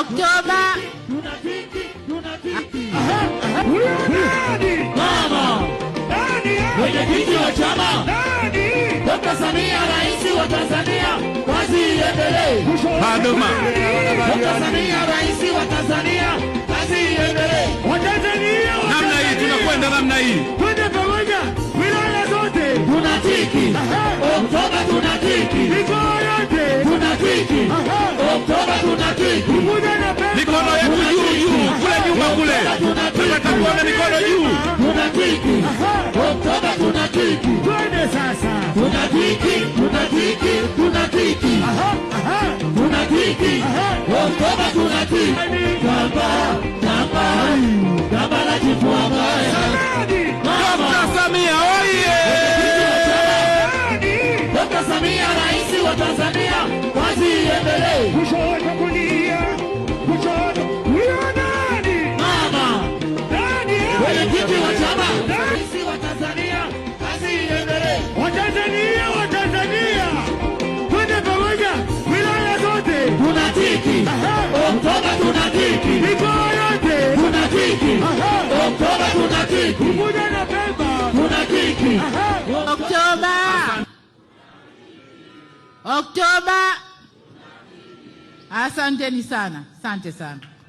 Oktoba mwenyekiti wa chama Dr. Samia, rais wa Tanzania, kazi iendelee. Dr. Samia, rais wa Tanzania, kazi iendelee. namna hii, tunakwenda namna hii. Nataka mikono juu. Samia oye! Samia rais wa Tanzania, kazi iendelee. Mwisho wa kampuni Oktoba kuna kiki. kiki. Oktoba. Oktoba. Asanteni sana. Asante sana.